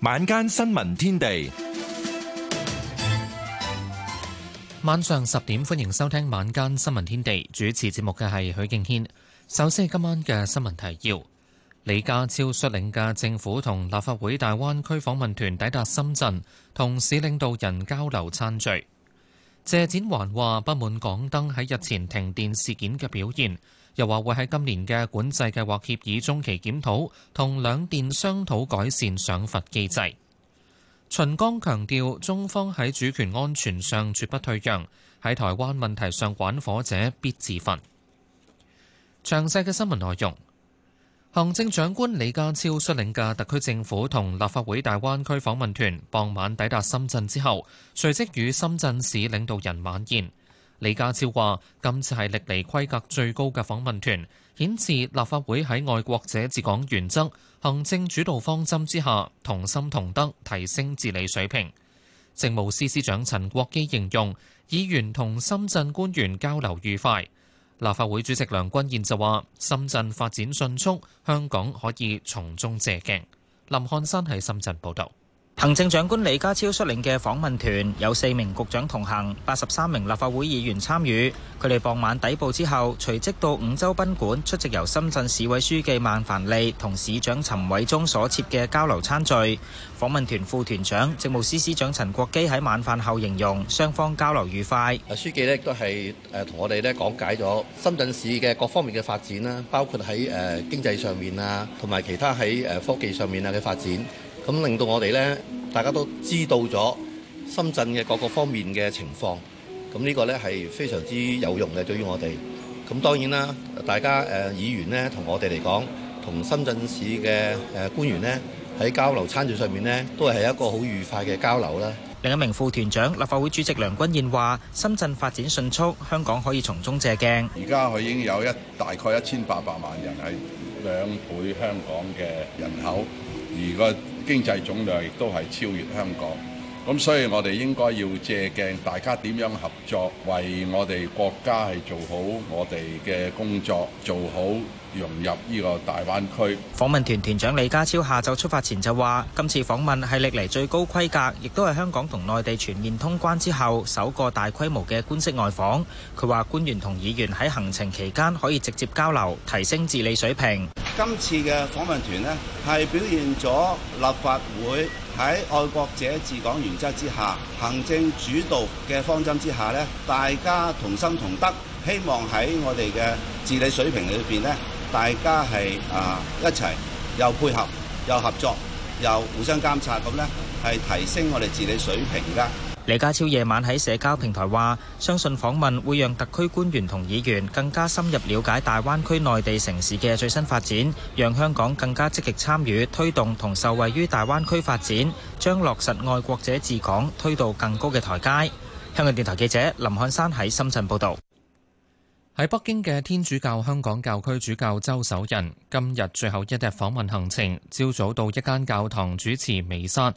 晚間新聞天地，晚上十點歡迎收聽晚間新聞天地，主持節目嘅係許敬軒。首先係今晚嘅新聞提要：李家超率領嘅政府同立法會大灣區訪問團抵達深圳，同市領導人交流餐聚。謝展環話不滿港燈喺日前停電事件嘅表現。又話會喺今年嘅管制計劃協，協議中期檢討，同兩電商討改善賞罰機制。秦剛強調，中方喺主權安全上絕不退讓，喺台灣問題上玩火者必自焚。詳細嘅新聞內容，行政長官李家超率領嘅特區政府同立法會大灣區訪問團傍晚抵達深圳之後，隨即與深圳市領導人晚宴。李家超話：今次係歷嚟規格最高嘅訪問團，顯示立法會喺愛國者治港原則、行政主導方針之下，同心同德，提升治理水平。政務司司長陳國基形容議員同深圳官員交流愉快。立法會主席梁君彥就話：深圳發展迅速，香港可以從中借鏡。林漢山喺深圳報道。行政長官李家超率領嘅訪問團有四名局長同行，八十三名立法會議員參與。佢哋傍晚抵埗之後，隨即到五洲賓館出席由深圳市委書記孟凡利同市長陳偉忠所設嘅交流餐聚。訪問團副團長政務司司長陳國基喺晚飯後形容雙方交流愉快。書記咧都係誒同我哋咧講解咗深圳市嘅各方面嘅發展啦，包括喺誒、呃、經濟上面啊，同埋其他喺誒、呃、科技上面啊嘅發展。咁令到我哋咧，大家都知道咗深圳嘅各個方面嘅情況，咁呢個咧係非常之有用嘅，對於我哋。咁當然啦，大家誒議員咧同我哋嚟講，同深圳市嘅誒官員咧喺交流餐敘上面咧，都係一個好愉快嘅交流啦。另一名副團長立法會主席梁君彥話，深圳發展迅速，香港可以從中借鏡。而家佢已經有一大概一千八百萬人係兩倍香港嘅人口，如果。經濟總量亦都係超越香港。咁所以我哋應該要借鏡大家點樣合作，為我哋國家係做好我哋嘅工作，做好融入呢個大灣區。訪問團團長李家超下晝出發前就話：今次訪問係歷嚟最高規格，亦都係香港同內地全面通關之後首個大規模嘅官式外訪。佢話官員同議員喺行程期間可以直接交流，提升治理水平。今次嘅訪問團呢，係表現咗立法會。喺愛國者治港原則之下，行政主導嘅方針之下呢，大家同心同德，希望喺我哋嘅治理水平裏邊呢，大家係啊一齊又配合又合作又互相監察，咁呢係提升我哋治理水平噶。李家超夜晚喺社交平台話，相信訪問會讓特區官員同議員更加深入了解大灣區內地城市嘅最新發展，讓香港更加積極參與推動同受惠於大灣區發展，將落實愛國者治港推到更高嘅台階。香港電台記者林漢山喺深圳報道。喺北京嘅天主教香港教區主教周守仁今日最後一日訪問行程，朝早到一間教堂主持彌撒。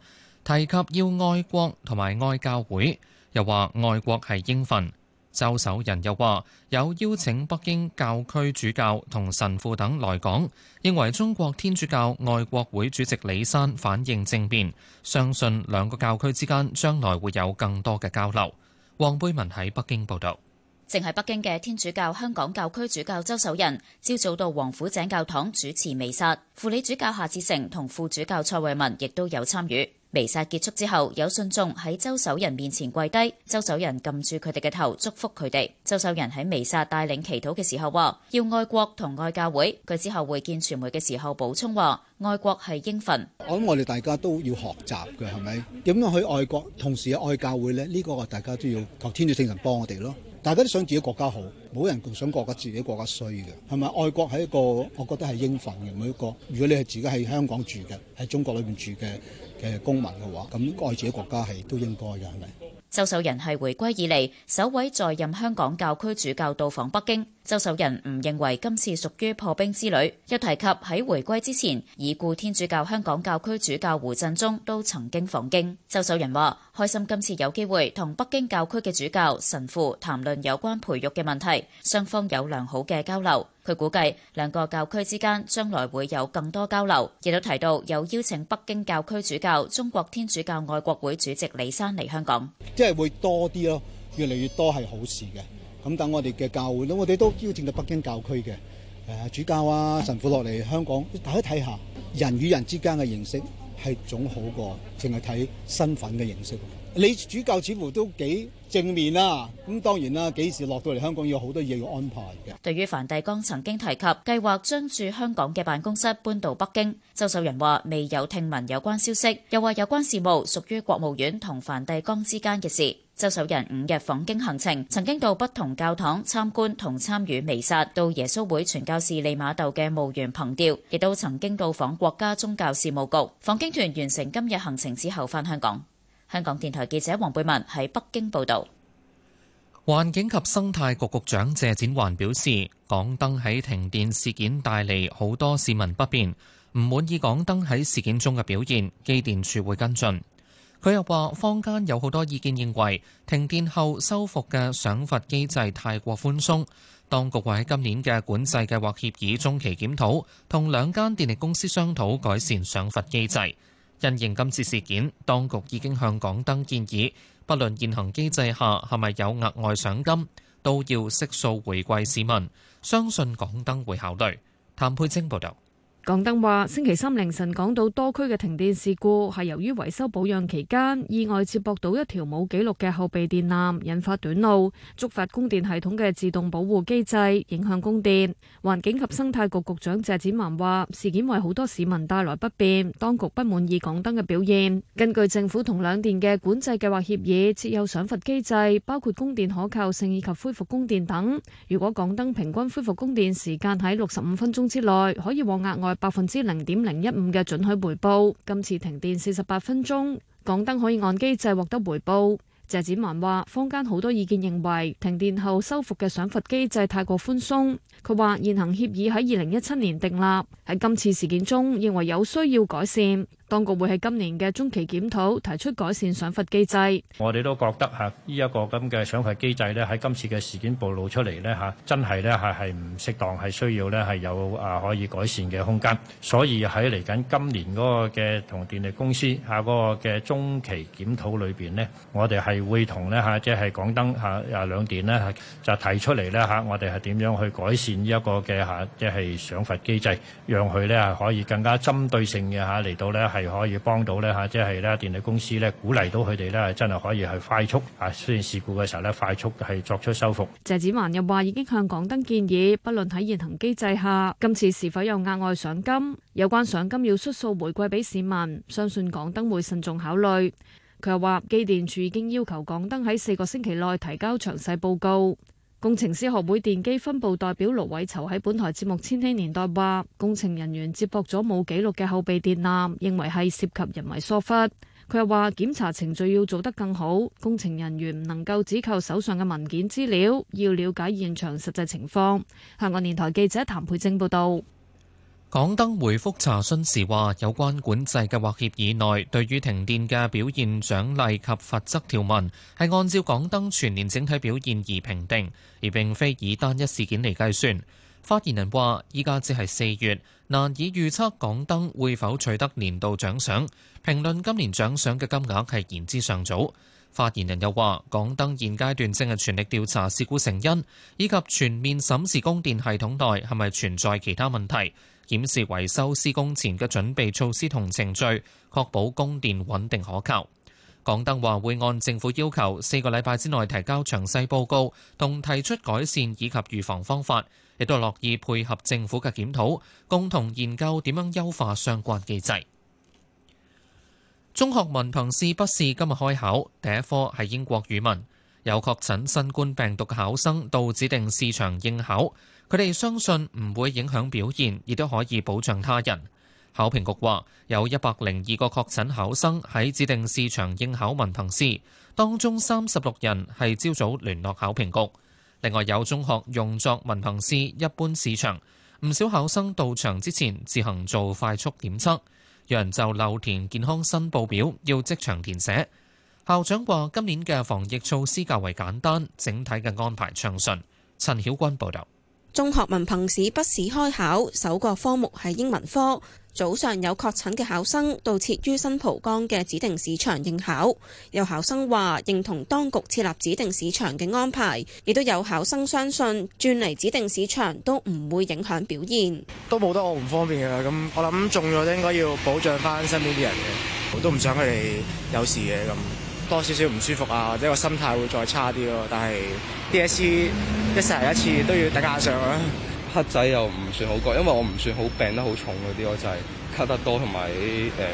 提及要愛國同埋愛教會，又話愛國係應份。周守仁又話有邀請北京教區主教同神父等來港，認為中國天主教愛國會主席李山反應政變，相信兩個教區之間將來會有更多嘅交流。黃貝文喺北京報道，正係北京嘅天主教香港教區主教周守仁，朝早到王府井教堂主持彌撒，輔理主教夏志誠同副主教蔡慧文亦都有參與。彌撒結束之後，有信眾喺周守仁面前跪低，周守仁撳住佢哋嘅頭，祝福佢哋。周守仁喺彌撒帶領祈禱嘅時候話：要愛國同愛教會。佢之後會見傳媒嘅時候補充話：愛國係應份，我諗我哋大家都要學習嘅，係咪？點樣去愛國，同時又愛教會呢，呢、呢個大家都要求天主聖神幫我哋咯。大家都想自己國家好，冇人想國家自己國家衰嘅，係咪？愛國係一個我覺得係應份嘅。每一個如果你係自己喺香港住嘅，喺中國裏邊住嘅嘅公民嘅話，咁愛自己國家係都應該嘅，係咪？周守仁係回歸以嚟首位在任香港教區主教到訪北京。周守仁唔認為今次屬於破冰之旅。一提及喺回歸之前，已故天主教香港教區主教胡振中都曾經訪京。周守仁話，開心今次有機會同北京教區嘅主教神父談論有關培育嘅問題，雙方有良好嘅交流。佢估計兩個教區之間將來會有更多交流。亦都提到有邀請北京教區主教、中國天主教愛國會主席李山嚟香港，即係會多啲咯，越嚟越多係好事嘅。咁等我哋嘅教會，咁我哋都邀請到北京教區嘅誒主教啊神父落嚟香港，大家睇下人與人之間嘅認識，係總好過淨係睇身份嘅認識。你主教似乎都幾正面啦、啊，咁當然啦，幾時落到嚟香港要好多嘢要安排嘅。對於梵蒂岡曾經提及計劃將駐香港嘅辦公室搬到北京，周守仁話未有聽聞有關消息，又話有關事務屬於國務院同梵蒂岡之間嘅事。周守仁五日訪京行程，曾經到不同教堂參觀同參與彌撒，到耶穌會傳教士利瑪竇嘅墓園憑吊，亦都曾經到訪國家宗教事務局。訪京團完成今日行程之後翻香港。香港電台記者黃貝文喺北京報道。環境及生態局局長謝展寰表示，港燈喺停電事件帶嚟好多市民不便，唔滿意港燈喺事件中嘅表現，機電處會跟進。佢又話：坊間有好多意見認為停電後修復嘅賞罰機制太過寬鬆，當局會喺今年嘅管制計劃協議中期檢討，同兩間電力公司商討改善賞罰機制。因應今次事件，當局已經向港燈建議，不論現行機制下係咪有額外賞金，都要悉數回饋市民。相信港燈會考慮。譚佩晶報道。港燈話：星期三凌晨港島多區嘅停電事故係由於維修保養期間意外接駁到一條冇記錄嘅後備電纜，引發短路，觸發供電系統嘅自動保護機制，影響供電。環境及生態局局長謝展寰話：事件為好多市民帶來不便，當局不滿意港燈嘅表現。根據政府同兩電嘅管制計劃協議，設有賞罰機制，包括供電可靠性以及恢復供電等。如果港燈平均恢復供電時間喺六十五分鐘之內，可以獲額外百分之零點零一五嘅准許回報，今次停電四十八分鐘，港燈可以按機制獲得回報。謝展文話：坊間好多意見認為，停電後修復嘅賞罰機制太過寬鬆。佢話現行協議喺二零一七年訂立，喺今次事件中，認為有需要改善。當局會喺今年嘅中期檢討提出改善賞罰機制。我哋都覺得吓，呢一個咁嘅賞罰機制咧，喺今次嘅事件暴露出嚟咧，吓真係咧係係唔適當，係需要咧係有啊可以改善嘅空間。所以喺嚟緊今年嗰個嘅同電力公司啊嗰個嘅中期檢討裏邊咧，我哋係會同咧吓，即係港燈吓又兩電咧，就提出嚟咧吓，我哋係點樣去改善呢一個嘅吓，即係賞罰機制，讓佢咧係可以更加針對性嘅吓嚟到咧。係可以幫到咧嚇，即係咧電力公司咧鼓勵到佢哋咧，真係可以係快速啊，出現事故嘅時候咧，快速係作出修復。謝子煥又話：已經向港燈建議，不論喺現行機制下，今次是否有額外賞金，有關賞金要迅速回饋俾市民，相信港燈會慎重考慮。佢又話：機電處已經要求港燈喺四個星期內提交詳細報告。工程師學會電機分部代表盧偉籌喺本台節目《千禧年代》話，工程人員接駁咗冇記錄嘅後備電纜，認為係涉及人為疏忽。佢又話，檢查程序要做得更好，工程人員唔能夠只靠手上嘅文件資料，要了解現場實際情況。香港電台記者譚佩正報道。港燈回覆查詢時話：有關管制計劃協議以內對於停電嘅表現獎勵及罰則條文係按照港燈全年整體表現而評定，而並非以單一事件嚟計算。發言人話：依家只係四月，難以預測港燈會否取得年度獎賞。評論今年獎賞嘅金額係言之尚早。發言人又話：港燈現階段正係全力調查事故成因，以及全面審視供電系統內係咪存在其他問題。檢視維修施工前嘅準備措施同程序，確保供電穩定可靠。港燈話會按政府要求，四個禮拜之內提交詳細報告，同提出改善以及預防方法，亦都樂意配合政府嘅檢討，共同研究點樣優化相關機制。中學文憑試筆試今日開考，第一科係英國語文，有確診新冠病毒嘅考生到指定試場應考。佢哋相信唔會影響表現，亦都可以保障他人。考評局話，有一百零二個確診考生喺指定市場應考文憑試，當中三十六人係朝早聯絡考評局。另外有中學用作文憑試一般市場，唔少考生到場之前自行做快速檢測，有人就漏填健康申報表，要即場填寫。校長話，今年嘅防疫措施較為簡單，整體嘅安排暢順。陳曉君報道。中學文憑試筆試開考，首個科目係英文科。早上有確診嘅考生到設於新蒲崗嘅指定市場應考。有考生話認同當局設立指定市場嘅安排，亦都有考生相信轉嚟指定市場都唔會影響表現。都冇得我唔方便嘅，咁我諗中咗應該要保障翻身邊啲人嘅，我都唔想佢哋有事嘅咁。多少少唔舒服啊，或者個心態會再差啲咯。但係 D.S.C. 一成一次都要頂硬上啦。黑仔又唔算好過，因為我唔算好病得好重嗰啲，我就係咳得多同埋誒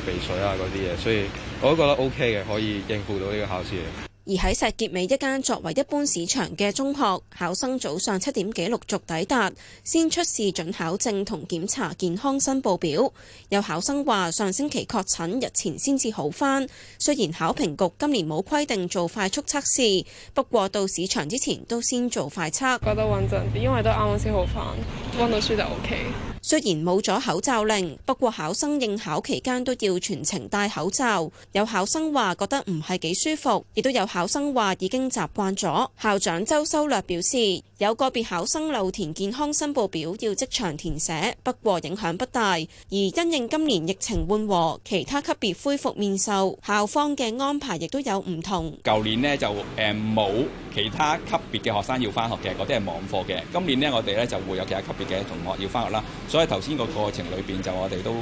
鼻水啊嗰啲嘢，所以我都覺得 O.K. 嘅，可以應付到呢個考試嘅。而喺石硤尾一間作為一般市場嘅中學，考生早上七點幾陸續抵達，先出示准考證同檢查健康申報表。有考生話：上星期確診，日前先至好翻。雖然考評局今年冇規定做快速測試，不過到市場之前都先做快測。覺得穩陣啲，因為都啱啱先好翻，溫到書就 OK。雖然冇咗口罩令，不過考生應考期間都要全程戴口罩。有考生話覺得唔係幾舒服，亦都有考生話已經習慣咗。校長周修略表示，有個別考生漏填健康申報表，要即場填寫，不過影響不大。而因應今年疫情緩和，其他級別恢復面授，校方嘅安排亦都有唔同。舊年呢就誒冇其他級別嘅學生要翻學嘅，嗰啲係網課嘅。今年呢，我哋咧就會有其他級別嘅同學要翻學啦，所以頭先個過程裏邊就我哋都。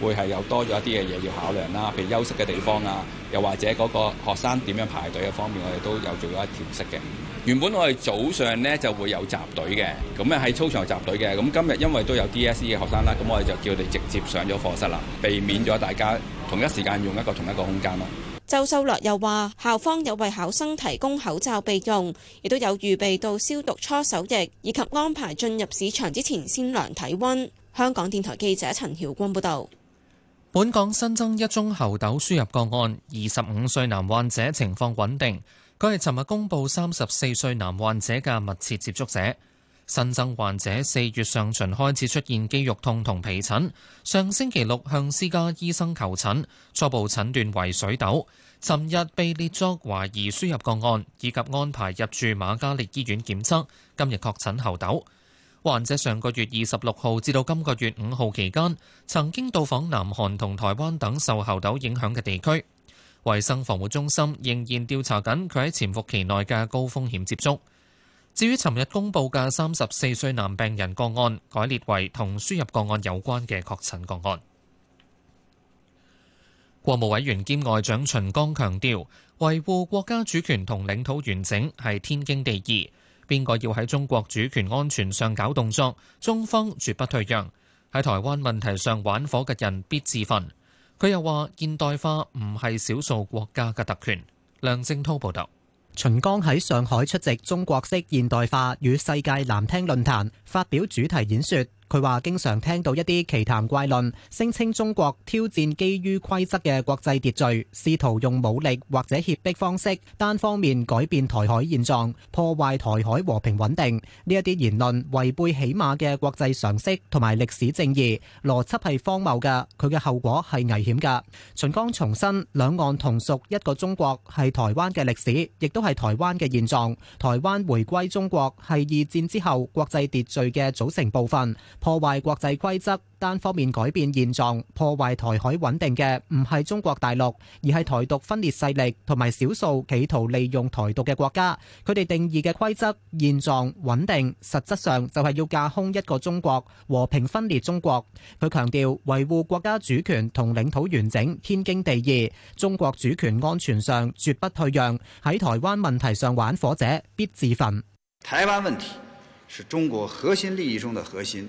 會係有多咗一啲嘅嘢要考量啦，譬如休息嘅地方啊，又或者嗰個學生點樣排隊嘅方面，我哋都有做咗一調適嘅。原本我哋早上呢就會有集隊嘅，咁咧喺操場集隊嘅。咁今日因為都有 DSE 嘅學生啦，咁我哋就叫你直接上咗課室啦，避免咗大家同一時間用一個同一個空間咯。周秀樂又話：校方有為考生提供口罩備用，亦都有預備到消毒搓手液，以及安排進入試場之前先量體温。香港電台記者陳曉光報導。本港新增一宗猴痘輸入個案，二十五歲男患者情況穩定。佢係尋日公布三十四歲男患者嘅密切接觸者。新增患者四月上旬開始出現肌肉痛同皮疹，上星期六向私家醫生求診，初步診斷為水痘。尋日被列作懷疑輸入個案，以及安排入住瑪嘉烈醫院檢測，今日確診猴痘。患者上個月二十六號至到今個月五號期間，曾經到訪南韓同台灣等受猴痘影響嘅地區。衛生防護中心仍然調查緊佢喺潛伏期內嘅高風險接觸。至於尋日公布嘅三十四歲男病人個案，改列為同輸入個案有關嘅確診個案。國務委員兼外長秦剛強調，維護國家主權同領土完整係天經地義。邊個要喺中國主權安全上搞動作？中方絕不退讓。喺台灣問題上玩火嘅人必自焚。佢又話，現代化唔係少數國家嘅特權。梁正濤報道。秦剛喺上海出席中國式現代化與世界藍廳論壇，發表主題演說。佢話：經常聽到一啲奇談怪論，聲稱中國挑戰基於規則嘅國際秩序，試圖用武力或者脅迫方式單方面改變台海現狀，破壞台海和平穩定。呢一啲言論違背起碼嘅國際常識同埋歷史正義，邏輯係荒謬嘅，佢嘅後果係危險嘅。秦剛重申，兩岸同屬一個中國，係台灣嘅歷史，亦都係台灣嘅現狀。台灣回歸中國，係二戰之後國際秩序嘅組成部分。破壞國際規則、單方面改變現狀、破壞台海穩定嘅，唔係中國大陸，而係台獨分裂勢力同埋少數企圖利用台獨嘅國家。佢哋定義嘅規則、現狀、穩定，實質上就係要架空一個中國、和平分裂中國。佢強調維護國家主權同領土完整天經地義，中國主權安全上絕不退讓。喺台灣問題上玩火者必自焚。台灣問題係中國核心利益中的核心。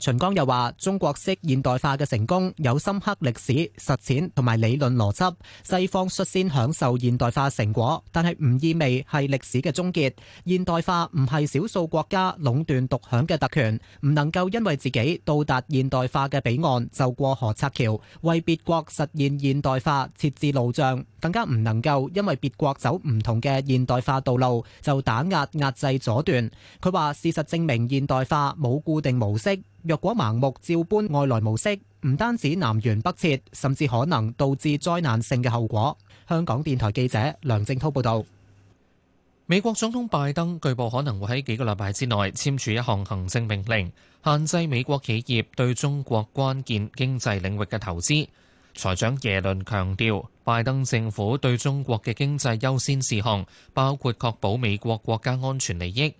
秦剛又話：中國式現代化嘅成功有深刻歷史、實踐同埋理論邏輯。西方率先享受現代化成果，但係唔意味係歷史嘅終結。現代化唔係少數國家壟斷獨享嘅特權，唔能夠因為自己到達現代化嘅彼岸就過河拆橋，為別國實現現代化設置路障。更加唔能夠因為別國走唔同嘅現代化道路就打壓壓制阻斷。佢話，事實證明現代化冇固定模式，若果盲目照搬外來模式，唔單止南轅北轍，甚至可能導致災難性嘅後果。香港電台記者梁正滔報道。美國總統拜登據報可能會喺幾個禮拜之內簽署一項行政命令，限制美國企業對中國關鍵經濟領域嘅投資。財長耶倫強調，拜登政府對中國嘅經濟優先事項，包括確保美國國家安全利益。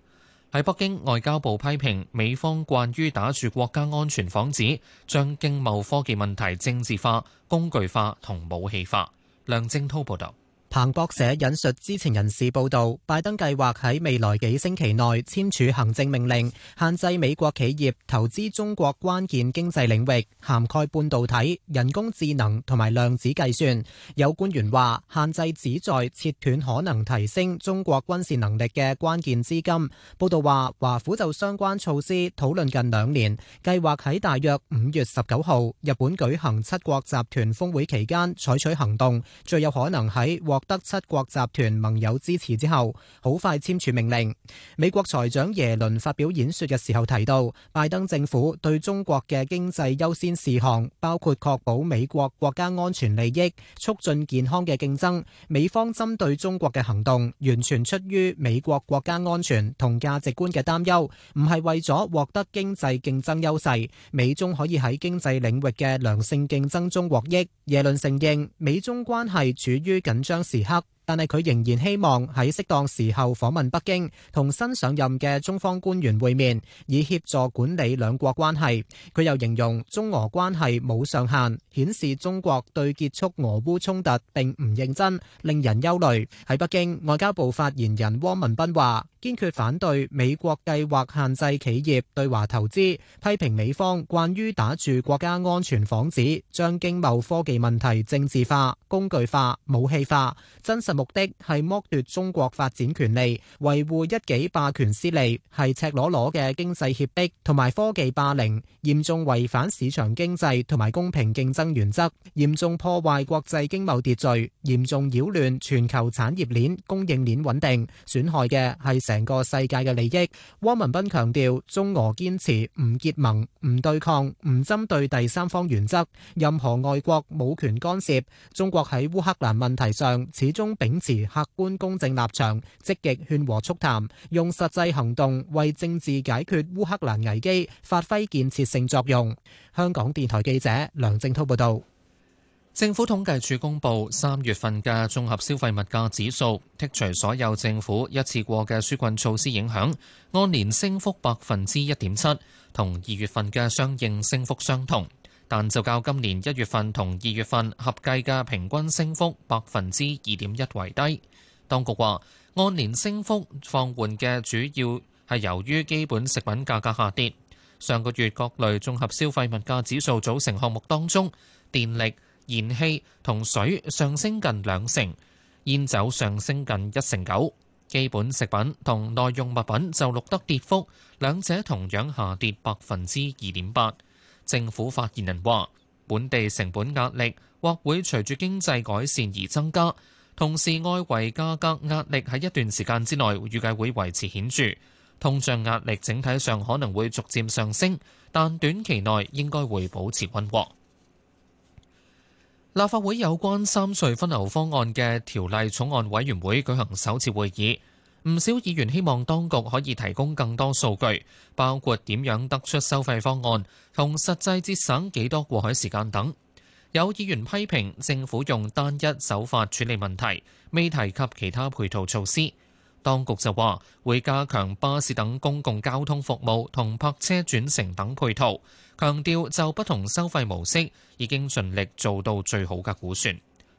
喺北京，外交部批評美方慣於打住國家安全幌子，將經貿科技問題政治化、工具化同武器化。梁正滔報道。彭博社引述知情人士報道，拜登計劃喺未來幾星期內簽署行政命令，限制美國企業投資中國關鍵經濟領域，涵蓋半導體、人工智能同埋量子計算。有官員話，限制旨在切斷可能提升中國軍事能力嘅關鍵資金。報道話，華府就相關措施討論近兩年，計劃喺大約五月十九號日本舉行七國集團峰會期間採取行動，最有可能喺獲獲得七國集團盟友支持之後，好快簽署命令。美國財長耶倫發表演說嘅時候提到，拜登政府對中國嘅經濟優先事項包括確保美國國家安全利益、促進健康嘅競爭。美方針對中國嘅行動，完全出於美國國家安全同價值觀嘅擔憂，唔係為咗獲得經濟競爭優勢。美中可以喺經濟領域嘅良性競爭中獲益。耶倫承認，美中關係處於緊張。時刻，但係佢仍然希望喺適當時候訪問北京，同新上任嘅中方官員會面，以協助管理兩國關係。佢又形容中俄關係冇上限，顯示中國對結束俄烏衝突並唔認真，令人憂慮。喺北京，外交部發言人汪文斌話：堅決反對美國計劃限制企業對華投資，批評美方慣於打住國家安全幌子，將經貿科技問題政治化、工具化、武器化，真實目的係剝奪中國發展權利，維護一己霸權私利，係赤裸裸嘅經濟脅迫同埋科技霸凌，嚴重違反市場經濟同埋公平競爭原則，嚴重破壞國際經貿秩序，嚴重擾亂全球產業鏈供應鏈穩定，損害嘅係。成個世界嘅利益，汪文斌強調，中俄堅持唔結盟、唔對抗、唔針對第三方原則，任何外國冇權干涉。中國喺烏克蘭問題上始終秉持客觀公正立場，積極勸和促談，用實際行動為政治解決烏克蘭危機發揮建設性作用。香港電台記者梁正濤報道。政府統計處公布三月份嘅綜合消費物價指數，剔除所有政府一次過嘅紓困措施影響，按年升幅百分之一點七，同二月份嘅相應升幅相同。但就較今年一月份同二月份合計嘅平均升幅百分之二點一為低。當局話，按年升幅放緩嘅主要係由於基本食品價格下跌。上個月各類綜合消費物價指數組成項目當中，電力、燃氣同水上升近兩成，煙酒上升近一成九，基本食品同耐用物品就錄得跌幅，兩者同樣下跌百分之二點八。政府發言人話，本地成本壓力或會隨住經濟改善而增加，同時外圍價格壓力喺一段時間之內預計會維持顯著，通脹壓力整體上可能會逐漸上升，但短期內應該會保持温和。立法會有關三隧分流方案嘅條例草案委員會舉行首次會議，唔少議員希望當局可以提供更多數據，包括點樣得出收費方案同實際節省幾多過海時間等。有議員批評政府用單一手法處理問題，未提及其他配套措施。當局就話會加強巴士等公共交通服務同泊車轉乘等配套，強調就不同收費模式已經盡力做到最好嘅估算。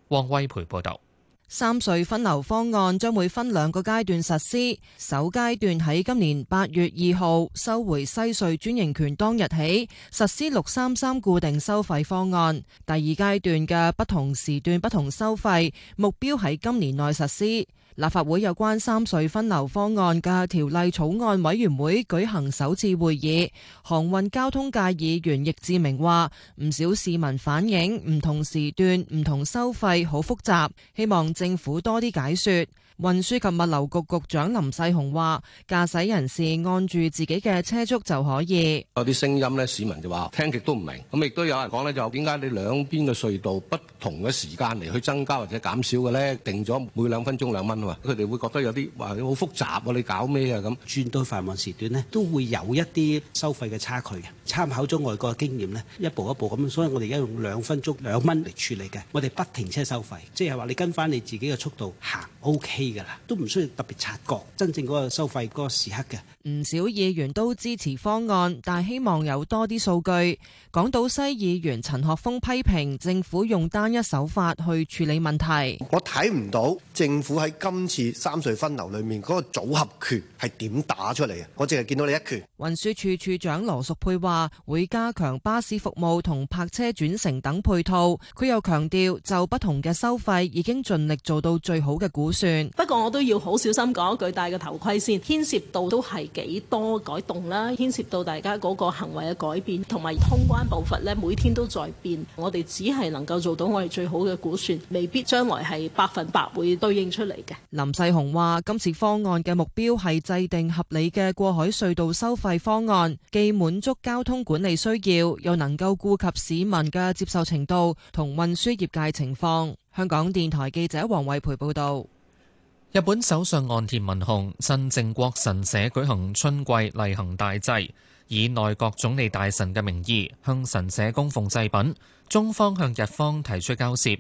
汪威培報導，三隧分流方案將會分兩個階段實施，首階段喺今年八月二號收回西隧專營權當日起實施六三三固定收費方案，第二階段嘅不同時段不同收費目標喺今年內實施。立法會有關三隧分流方案嘅條例草案委員會舉行首次會議，航運交通界議員易志明話：唔少市民反映唔同時段唔同收費好複雜，希望政府多啲解說。運輸及物流局局長林世雄話：駕駛人士按住自己嘅車速就可以。有啲聲音咧，市民就話聽極都唔明。咁亦都有人講呢就點解你兩邊嘅隧道不同嘅時間嚟去增加或者減少嘅呢？定咗每兩分鐘兩蚊啊，佢哋會覺得有啲話好複雜啊！你搞咩啊咁？轉到繁忙時段呢，都會有一啲收費嘅差距嘅。參考咗外國嘅經驗呢，一步一步咁，所以我哋而家用兩分鐘兩蚊嚟處理嘅。我哋不停車收費，即係話你跟翻你自己嘅速度行 OK。都唔需要特別察覺，真正嗰個收費嗰個時刻嘅。唔少議員都支持方案，但係希望有多啲數據。港島西議員陳學鋒批評政府用單一手法去處理問題，我睇唔到政府喺今次三隧分流裡面嗰個組合拳係點打出嚟嘅。我淨係見到你一拳。運輸署署署長羅淑佩話會加強巴士服務同泊車轉乘等配套。佢又強調就不同嘅收費已經盡力做到最好嘅估算。不過，我都要好小心講一句，戴個頭盔先，牽涉到都係幾多改動啦，牽涉到大家嗰個行為嘅改變，同埋通關步伐咧，每天都在變。我哋只係能夠做到我哋最好嘅估算，未必將來係百分百會對應出嚟嘅。林世雄話：今次方案嘅目標係制定合理嘅過海隧道收費方案，既滿足交通管理需要，又能夠顧及市民嘅接受程度同運輸業界情況。香港電台記者黃慧培報道。日本首相岸田文雄趁靖國神社舉行春季例行大祭，以內閣總理大臣嘅名義向神社供奉祭品。中方向日方提出交涉。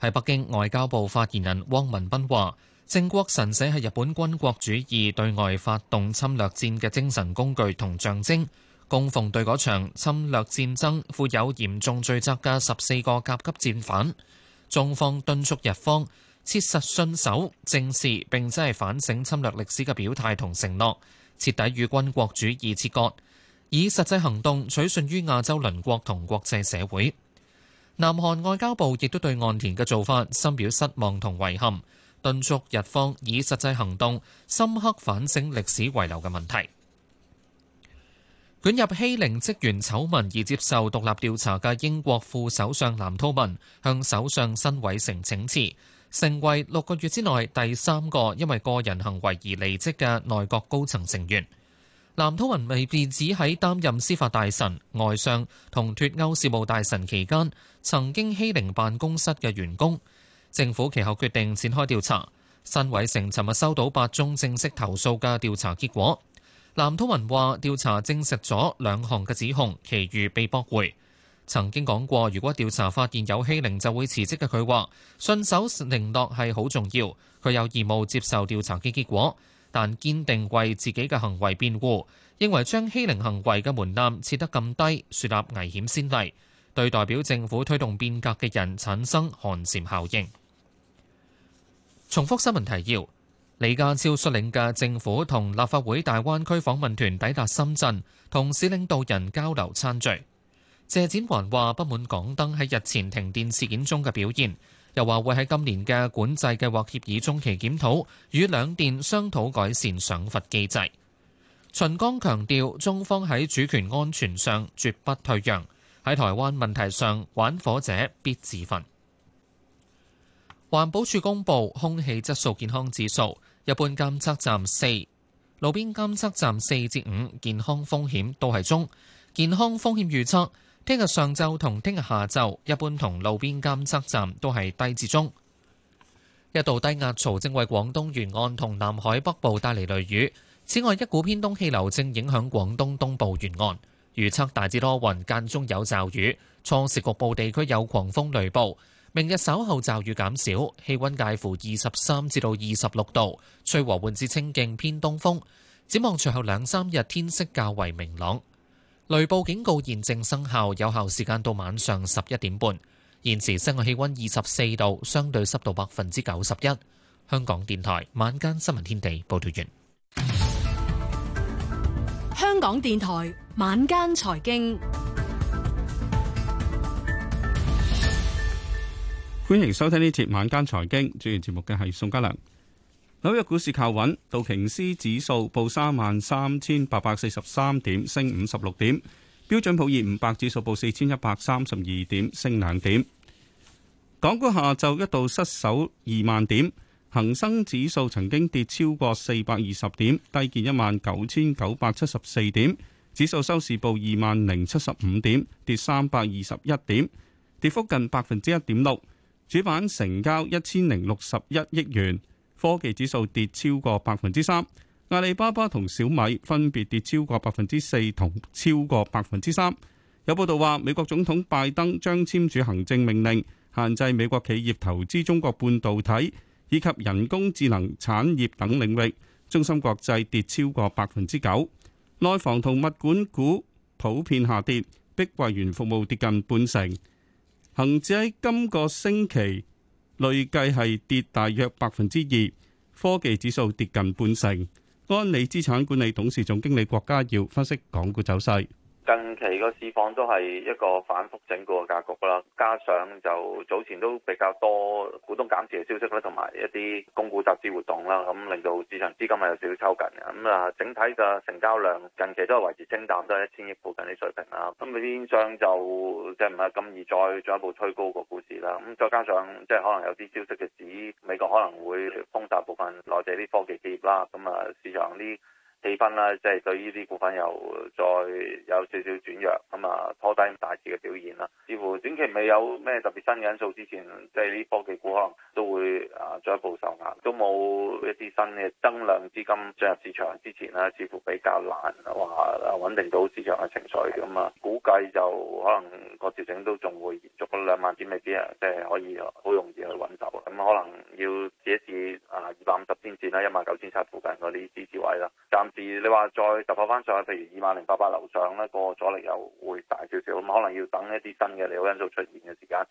喺北京，外交部發言人汪文斌話，靖國神社係日本軍國主義對外發動侵略戰嘅精神工具同象徵，供奉對嗰場侵略戰爭負有嚴重罪責嘅十四個甲級戰犯。中方敦促日方。切實信守正視，並真係反省侵略歷史嘅表態同承諾，徹底與軍國主義切割，以實際行動取信於亞洲鄰國同國際社會。南韓外交部亦都對岸田嘅做法深表失望同遺憾，敦促日方以實際行動深刻反省歷史遺留嘅問題。捲入欺凌職員醜聞而接受獨立調查嘅英國副首相藍韜文向首相辛偉誠請辭。成為六個月之內第三個因為個人行為而離職嘅內閣高層成員。藍韜文未便指喺擔任司法大臣、外相同脱歐事務大臣期間，曾經欺凌辦公室嘅員工。政府其後決定展開調查。新委成尋日收到八宗正式投訴嘅調查結果。藍韜文話調查證實咗兩項嘅指控，其餘被駁回。曾經講過，如果調查發現有欺凌，就會辭職嘅。佢話：信守承諾係好重要。佢有義務接受調查嘅結果，但堅定為自己嘅行為辯護，認為將欺凌行為嘅門檻設得咁低，樹立危險先例，對代表政府推動變革嘅人產生寒蟬效應。重複新聞提要：李家超率領嘅政府同立法會大灣區訪問團抵達深圳，同市領導人交流餐敍。謝展寰話不滿港燈喺日前停電事件中嘅表現，又話會喺今年嘅管制計劃協議中期檢討，與兩電商討改善賞罰機制。秦剛強調，中方喺主權安全上絕不退讓，喺台灣問題上玩火者必自焚。環保署公布空氣質素健康指數，一般監測站四，路邊監測站四至五，健康風險都係中，健康風險預測。聽日上晝同聽日下晝，一般同路邊監測站都係低至中。一道低壓槽正為廣東沿岸同南海北部帶嚟雷雨。此外，一股偏東氣流正影響廣東東部沿岸，預測大致多雲，間中有驟雨，初時局部地區有狂風雷暴。明日稍後驟雨減少，氣温介乎二十三至到二十六度，吹和緩至清勁偏東風。展望隨後兩三日天色較為明朗。雷暴警告現正生效，有效時間到晚上十一點半。現時室外氣溫二十四度，相對濕度百分之九十一。香港電台晚間新聞天地報道完。香港電台晚間財經，歡迎收聽呢節晚間財經，主持節目嘅係宋嘉良。紐約股市靠穩，道瓊斯指數報三萬三千八百四十三點，升五十六點；標準普爾五百指數報四千一百三十二點，升兩點。港股下晝一度失守二萬點，恆生指數曾經跌超過四百二十點，低見一萬九千九百七十四點，指數收市報二萬零七十五點，跌三百二十一點，跌幅近百分之一點六。主板成交一千零六十一億元。科技指數跌超過百分之三，阿里巴巴同小米分別跌超過百分之四同超過百分之三。有報道話，美國總統拜登將簽署行政命令，限制美國企業投資中國半導體以及人工智能產業等領域。中芯國際跌超過百分之九，內房同物管股普遍下跌，碧桂園服務跌近半成。恆指喺今個星期累計係跌大約百分之二，科技指數跌近半成。安理資產管理董事總經理郭家耀分析港股走勢。近期個市況都係一個反覆整固嘅格局啦，加上就早前都比較多股東減持嘅消息咧，同埋一啲供股集資活動啦，咁、嗯、令到市場資金係有少少抽緊嘅。咁、嗯、啊，整體嘅成交量近期都係維持清淡，都係一千億附近啲水平啦。咁佢啲商就即係唔係咁易再進一步推高個股市啦。咁、嗯、再加上即係可能有啲消息嘅指美國可能會封殺部分內地啲科技企業啦。咁、嗯、啊，市場啲氣氛啦，即係對呢啲股份又再有少少轉弱，咁啊拖低咁大致嘅表現啦。似乎短期未有咩特別新嘅因素，之前即係啲科技股可能都會啊進一步受壓，都冇一啲新嘅增量資金進入市場之前呢，似乎比較難話穩定到市場嘅情緒，咁啊估計就可能個調整都仲會延續，兩萬點未必啊，即係可以好容易去穩走，咁、嗯、可能要試一試啊二百五十天線啦，一萬九千七附近嗰啲支持位啦，你話再突破返上去，譬如二萬零八百樓上咧，那個阻力又會大少少，咁可能要等一啲新嘅利好因素出現嘅時間。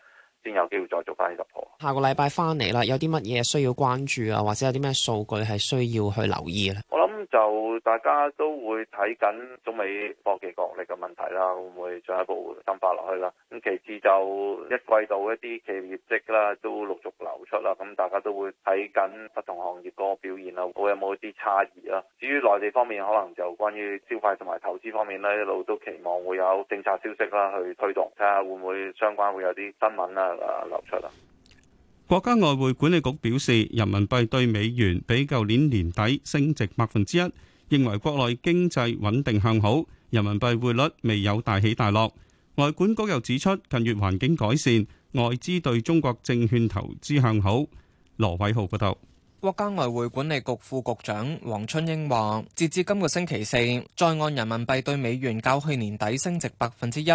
先有機會再做翻啲突破。下個禮拜翻嚟啦，有啲乜嘢需要關注啊？或者有啲咩數據係需要去留意呢？我諗就大家都會睇緊中美科技角力嘅問題啦，會唔會進一步深化落去啦？咁其次就一季度一啲企業業績啦，都陸續流出啦，咁大家都會睇緊不同行業個表現啦，會有冇啲差異啦？至於內地方面，可能就關於消費同埋投資方面呢，一路都期望會有政策消息啦，去推動，睇下會唔會相關會有啲新聞啦？啊！出國家外匯管理局表示，人民幣對美元比舊年年底升值百分之一，2，認為國內經濟穩定向好，人民幣匯率未有大起大落。外管局又指出，近月環境改善，外資對中國證券投資向好。羅偉浩報道。國家外匯管理局副局長黃春英話：截至今個星期四，在岸人民幣對美元較去年底升值百分之一。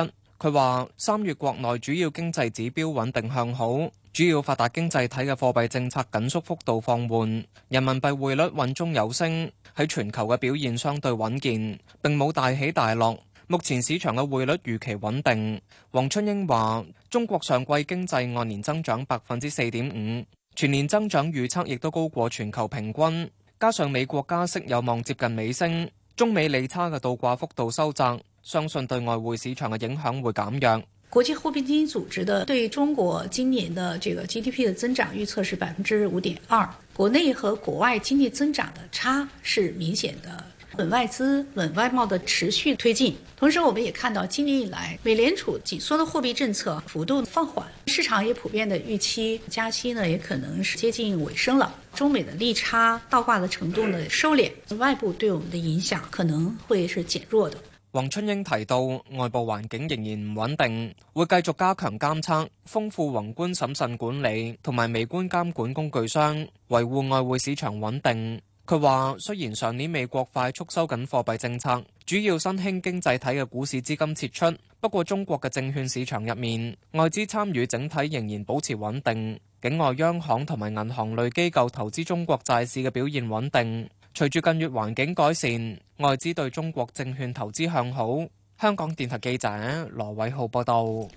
佢話：三月國內主要經濟指標穩定向好，主要發達經濟體嘅貨幣政策緊縮幅度放緩，人民幣匯率穩中有升，喺全球嘅表現相對穩健，並冇大起大落。目前市場嘅匯率預期穩定。黃春英話：中國上季經濟按年增長百分之四點五，全年增長預測亦都高過全球平均，加上美國加息有望接近尾聲，中美利差嘅倒掛幅度收窄。相信對外匯市場的影響會減弱。國際貨幣基金組織的對中國今年的這個 GDP 的增長預測是百分之五點二，國內和國外經濟增長的差是明顯的。穩外資、穩外貿的持續推進。同時我們也看到今年以來美聯儲緊縮的貨幣政策幅度放緩，市場也普遍的預期加息呢也可能是接近尾聲了。中美的利差倒掛的程度呢收斂，外部對我們的影響可能會是減弱的。王春英提到，外部環境仍然唔穩定，會繼續加強監測，豐富宏觀審慎管理同埋微觀監管工具箱，維護外匯市場穩定。佢話：雖然上年美國快速收緊貨幣政策，主要新興經濟體嘅股市資金撤出，不過中國嘅證券市場入面，外資參與整體仍然保持穩定，境外央行同埋銀行類機構投資中國債市嘅表現穩定。隨住近月環境改善，外資對中國證券投資向好。香港電台記者羅偉浩報道。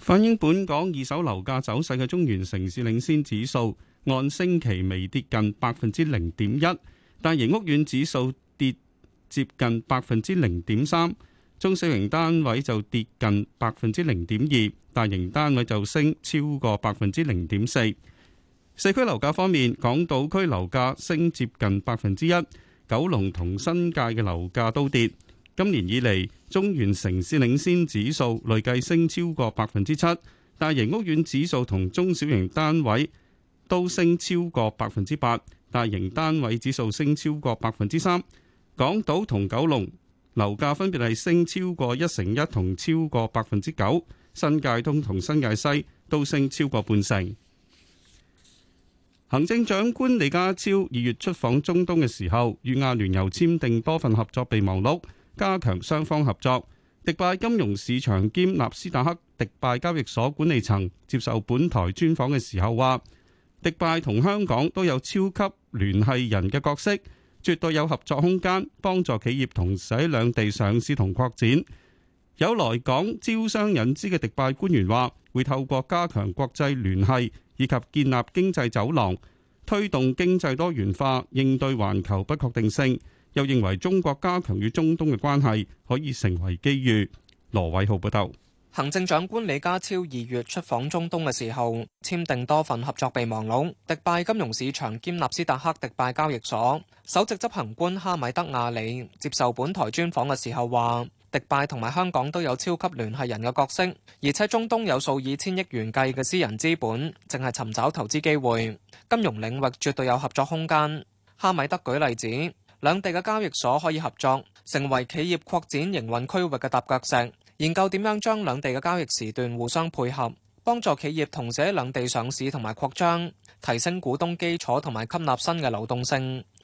反映本港二手樓價走勢嘅中原城市領先指數按星期微跌近百分之零點一，大型屋苑指數跌接近百分之零點三，中小型單位就跌近百分之零點二，大型單位就升超過百分之零點四。社區樓價方面，港島區樓價升接近百分之一，九龍同新界嘅樓價都跌。今年以嚟，中原城市領先指數累計升超過百分之七，大型屋苑指數同中小型單位都升超過百分之八，大型單位指數升超過百分之三。港島同九龍樓價分別係升超過一成一，同超過百分之九，新界東同新界西都升超過半成。行政長官李家超二月出訪中東嘅時候，與阿聯酋簽訂多份合作備忘錄，加強雙方合作。迪拜金融市場兼納斯達克迪拜交易所管理層接受本台專訪嘅時候話，迪拜同香港都有超級聯繫人嘅角色，絕對有合作空間，幫助企業同時喺兩地上市同擴展。有來港招商引資嘅迪拜官員話，會透過加強國際聯繫。以及建立經濟走廊，推動經濟多元化，應對環球不確定性。又認為中國加強與中東嘅關係可以成為機遇。羅偉浩報道，行政長官李家超二月出訪中東嘅時候，簽訂多份合作備忘錄。迪拜金融市場兼納斯達克迪拜交易所首席執行官哈米德亞里接受本台專訪嘅時候話。迪拜同埋香港都有超級聯繫人嘅角色，而且中東有數以千億元計嘅私人資本，淨係尋找投資機會。金融領域絕對有合作空間。哈米德舉例子，兩地嘅交易所可以合作，成為企業擴展營運區域嘅踏腳石。研究點樣將兩地嘅交易時段互相配合，幫助企業同時兩地上市同埋擴張，提升股東基礎同埋吸納新嘅流動性。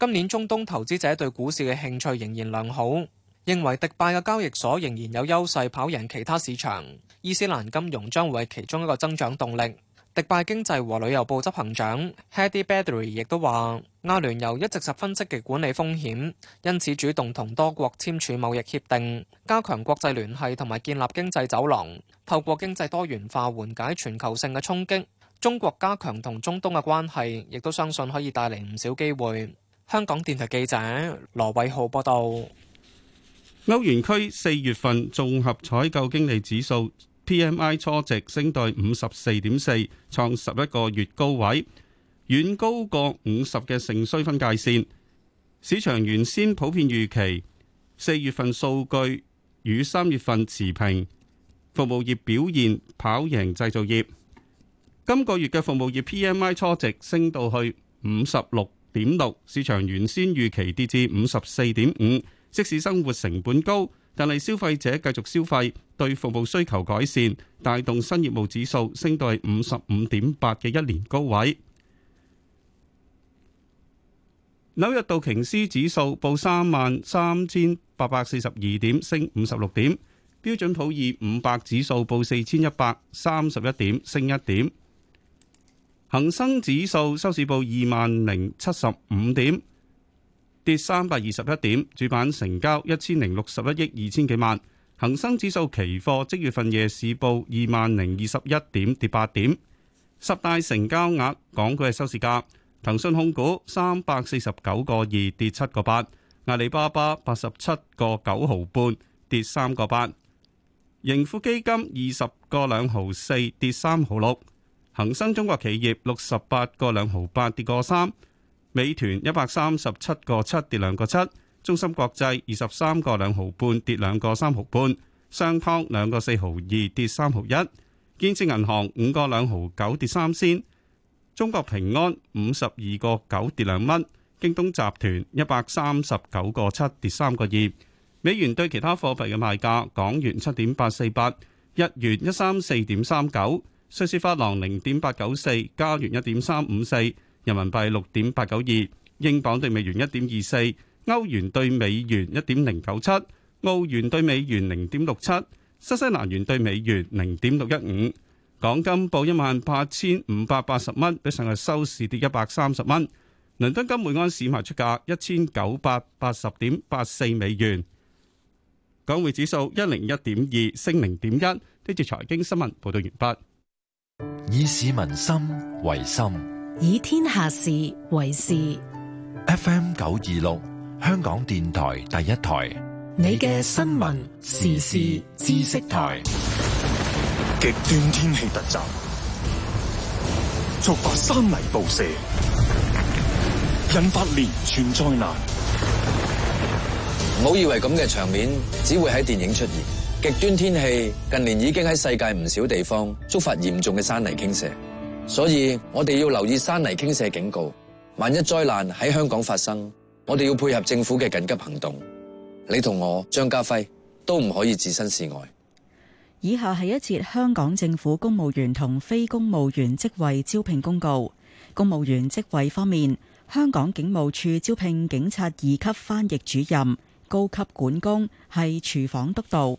今年中東投資者對股市嘅興趣仍然良好，認為迪拜嘅交易所仍然有優勢跑贏其他市場。伊斯蘭金融將會係其中一個增長動力。迪拜經濟和旅遊部執行長 Hadi Badri 亦都話，阿聯酋一直十分積極管理風險，因此主動同多國簽署貿易協定，加強國際聯繫同埋建立經濟走廊，透過經濟多元化緩解全球性嘅衝擊。中國加強同中東嘅關係，亦都相信可以帶嚟唔少機會。香港電台記者羅偉浩報道：歐元區四月份綜合採購經理指數 PMI 初值升到五十四點四，創十一個月高位，遠高過五十嘅盛衰分界線。市場原先普遍預期四月份數據與三月份持平，服務業表現跑贏製造業。今個月嘅服務業 PMI 初值升到去五十六。點六，市場原先預期跌至五十四點五，即使生活成本高，但係消費者繼續消費，對服務需求改善，帶動新業務指數升到係五十五點八嘅一年高位。紐約道瓊斯指數報三萬三千八百四十二點，升五十六點；標準普爾五百指數報四千一百三十一點，升一點。恒生指數收市報二萬零七十五點，跌三百二十一點。主板成交一千零六十一億二千幾萬。恒生指數期貨即月份夜市報二萬零二十一點，跌八點。十大成交額港股嘅收市價：騰訊控股三百四十九個二，跌七個八；阿里巴巴八十七個九毫半，跌三個八；盈富基金二十個兩毫四，跌三毫六。恒生中國企業六十八個兩毫八跌個三，美團一百三十七個七跌兩個七，中芯國際二十三個兩毫半跌兩個三毫半，商湯兩個四毫二跌三毫一，建設銀行五個兩毫九跌三仙，中國平安五十二個九跌兩蚊，京東集團一百三十九個七跌三個二，美元對其他貨幣嘅賣價，港元七點八四八，日元一三四點三九。瑞士法郎零點八九四，加元一點三五四，人民幣六點八九二，英鎊兌美元一點二四，歐元兌美元一點零九七，澳元兌美元零點六七，新西蘭元兌美元零點六一五。港金報一萬八千五百八十蚊，比上日收市跌一百三十蚊。倫敦金每安士賣出價一千九百八十點八四美元。港匯指數一零一點二升零點一。呢節財經新聞報道完畢。以市民心為心，以天下事為事。F.M. 九二六，香港電台第一台。你嘅新聞時事知識台。極端天氣突襲，觸發山泥暴射，引發連串災難。唔好以為咁嘅場面只會喺電影出現。極端天氣近年已經喺世界唔少地方觸發嚴重嘅山泥傾瀉，所以我哋要留意山泥傾瀉警告。萬一災難喺香港發生，我哋要配合政府嘅緊急行動。你同我張家輝都唔可以置身事外。以下係一節香港政府公務員同非公務員職位招聘公告。公務員職位方面，香港警務處招聘警察二級翻譯主任、高級管工，係廚房督導。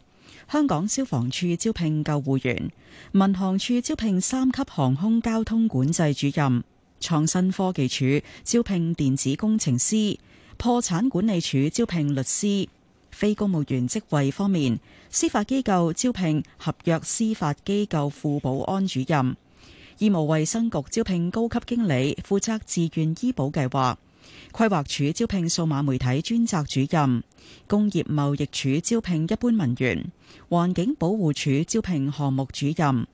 香港消防處招聘救護員，民航處招聘三級航空交通管制主任，創新科技署招聘電子工程師，破產管理署招聘律師。非公務員職位方面，司法機構招聘合約司法機構副保安主任，醫務衛生局招聘高級經理，負責自願醫保計劃。規劃署招聘數碼媒體專責主任，工業貿易署招聘一般文員，環境保護署招聘項目主任，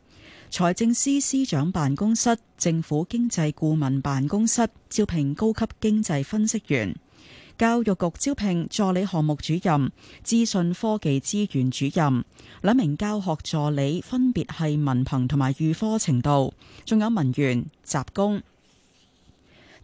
財政司司長辦公室、政府經濟顧問辦公室招聘高級經濟分析員，教育局招聘助理項目主任、資訊科技資源主任，兩名教學助理分別係文憑同埋預科程度，仲有文員、雜工。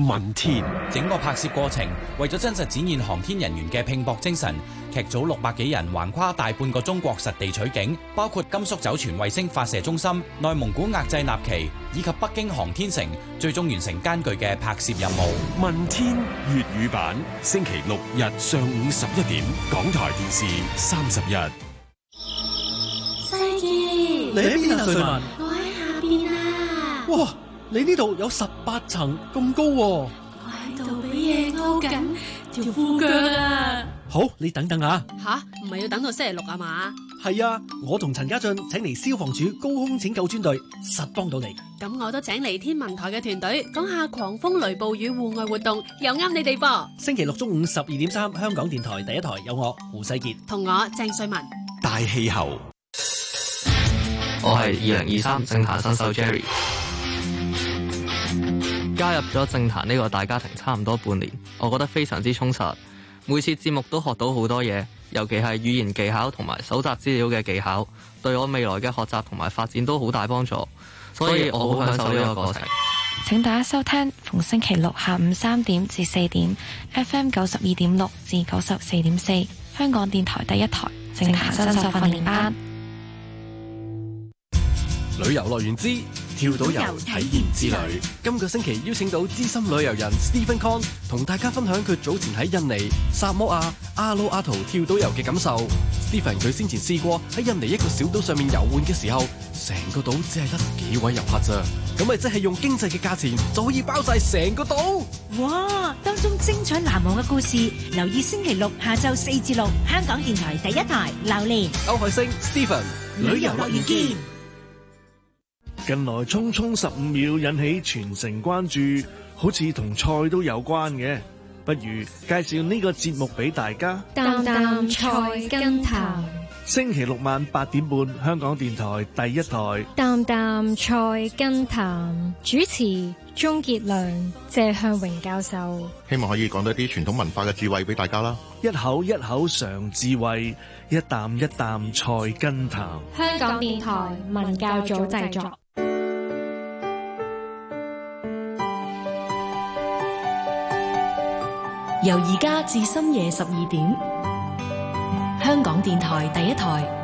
問天，整個拍攝過程為咗真實展現航天人員嘅拼搏精神，劇組六百幾人橫跨大半個中國實地取景，包括甘肅酒泉衛星發射中心、內蒙古額濟納旗以及北京航天城，最終完成艱鉅嘅拍攝任務。問天粵語版，星期六日上午十一點，港台電視三十一。世界紀，你喺、啊、晚邊啊！哇！你呢度有十八層咁高喎！我喺度俾嘢勾緊條褲腳啊！好，你等等啊。吓，唔係要等到星期六啊嘛？係啊，我同陳家俊請嚟消防處高空拯救專隊，實幫到你。咁我都請嚟天文台嘅團隊，講下狂風雷暴雨戶外活動又啱你哋噃。星期六中午十二點三，香港電台第一台有我胡世傑同我鄭瑞文大氣候。我係二零二三政壇新手 Jerry。加入咗政壇呢個大家庭差唔多半年，我覺得非常之充實。每次節目都學到好多嘢，尤其係語言技巧同埋搜集資料嘅技巧，對我未來嘅學習同埋發展都好大幫助。所以我好享受呢個過程。請大家收聽，逢星期六下午三點至四點，點，至點，FM 九十二點六至九十四點四，香港電台第一台政壇新秀訓練班。旅遊樂園之。跳島遊體驗之旅，今個星期邀請到資深旅遊人 Stephen Kong 同大家分享佢早前喺印尼、薩摩亞、阿魯阿圖跳島遊嘅感受。Stephen 佢先前試過喺印尼一個小島上面遊玩嘅時候，成個島只係得幾位遊客咋，咁咪即係用經濟嘅價錢就可以包晒成個島。哇！當中精彩難忘嘅故事，留意星期六下晝四至六香港電台第一台榴槤。歐海星 Stephen，旅遊樂園見。近來匆匆十五秒引起全城關注，好似同菜都有關嘅。不如介紹呢個節目俾大家。淡淡菜根譚，星期六晚八點半，香港電台第一台。淡淡菜根譚，主持鍾杰良，謝向榮教授，希望可以講到啲傳統文化嘅智慧俾大家啦。一口一口嘗智慧，一啖一啖菜根譚。香港電台文教組製作。由而家至深夜十二點，香港電台第一台。